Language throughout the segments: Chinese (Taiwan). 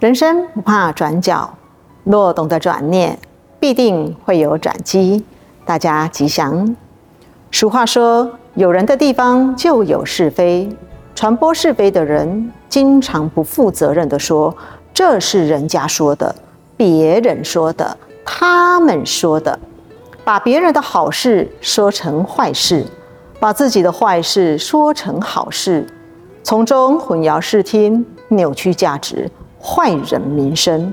人生不怕轉角，若懂得轉念，必定會有轉機。大家吉祥。俗話說，有人的地方就有是非，傳播是非的人，經常不負責任地說：“這是人家說的，別人說的，他們說的。”把別人的好事說成壞事，把自己的壞事說成好事，從中混淆視聽，扭曲價值。壞人名聲，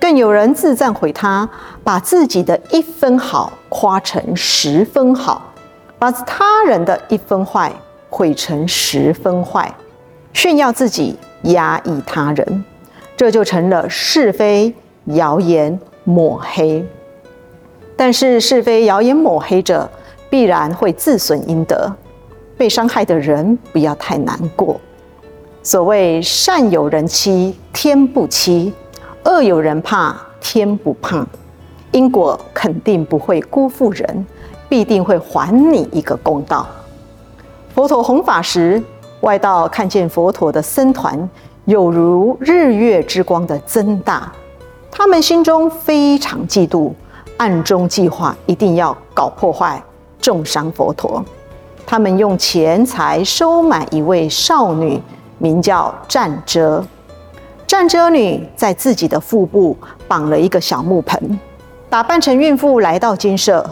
更有人自贊毀他，把自己的一分好誇成十分好，把他人的一分壞毀成十分壞，炫耀自己，壓抑他人，這就成了是非謠言抹黑。但是是非謠言抹黑者必然會自損陰德，被傷害的人不要太難過。所謂「善有人欺天不欺，惡有人怕天不怕」，因果肯定不會辜負人，必定會還你一個公道。佛陀弘法時，外道看見佛陀的僧團有如日月之光的增大，他們心中非常嫉妒，暗中計劃一定要搞破壞，中傷佛陀。他們用錢財收買一位少女，名叫戰遮，戰遮女在自己的腹部綁了一個小木盆，打扮成孕婦來到精舍，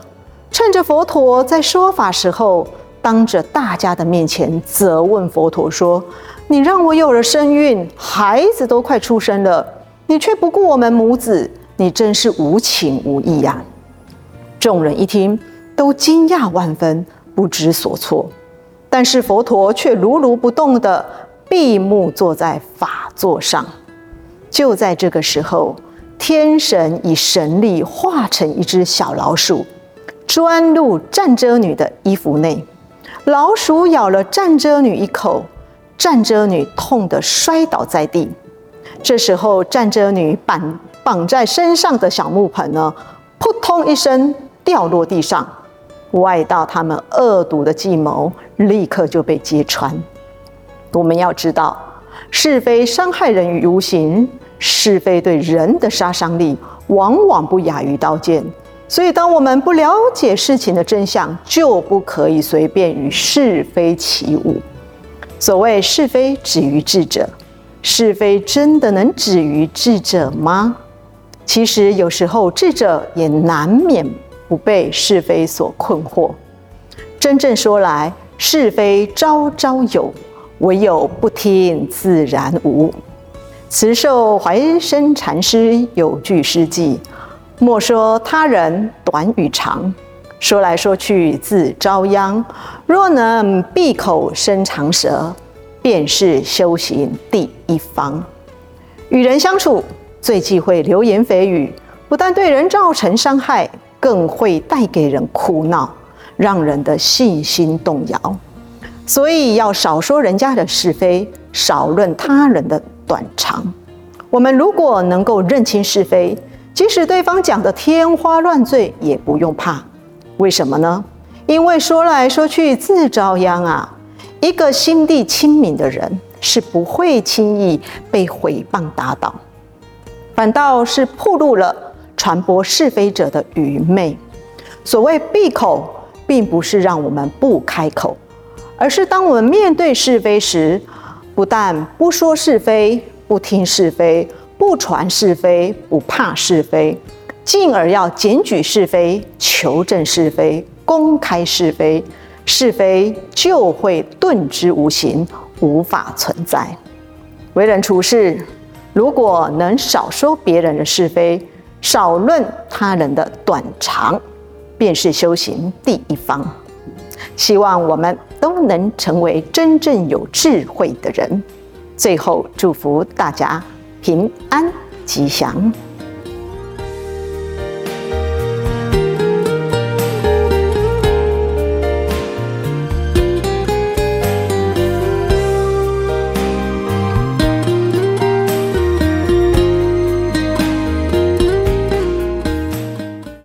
趁着佛陀在說法時候，當着大家的面前責問佛陀說：“你讓我有了身孕，孩子都快出生了，你卻不顧我們母子，你真是無情無義呀、啊！”眾人一聽，都驚訝萬分，不知所措。但是佛陀卻如如不動的地。閉目坐在法座上，就在這個時候，天神以神力化成一隻小老鼠，鑽入旃遮女的衣服內。老鼠咬了旃遮女一口，旃遮女痛得摔倒在地。這時候，旃遮女綁綁在身上的小木盆呢，撲通一聲掉落地上。外道他們惡毒的計謀，立刻就被揭穿。我們要知道，是非傷害人於無形，是非對人的殺傷力往往不亞於刀劍。所以，當我們不了解事情的真相，就不可以隨便與是非起舞。所謂“是非止於智者”，是非真的能止於智者嗎？其實，有時候智者也難免不被是非所困惑。真正說來，是非朝朝有。唯有不聽，自然無。慈受懷深禪師有句詩偈：“莫說他人短與長，說來說去自招殃。若能閉口伸長舌，便是修行第一方。”與人相處，最忌諱流言蜚語，不但對人造成傷害，更會帶給人苦惱，讓人的信心動搖。所以要少說人家的是非，少論他人的短長。我們如果能夠認清是非，即使對方講的天花亂墜，也不用怕。為什麼呢？因為說來說去自招殃啊！一個心地清明的人是不會輕易被誹謗打倒，反倒是暴露了傳播是非者的愚昧。所謂閉口，並不是讓我們不開口。而是當我們面對是非時，不但不說是非，不聽是非，不傳是非，不怕是非，進而要檢舉是非、求證是非、公開是非，是非就會遁之無形，無法存在。為人處事，如果能少說別人的是非，少論他人的短長，便是修行第一方。希望我們都能成為真正有智慧的人。最後祝福大家平安吉祥。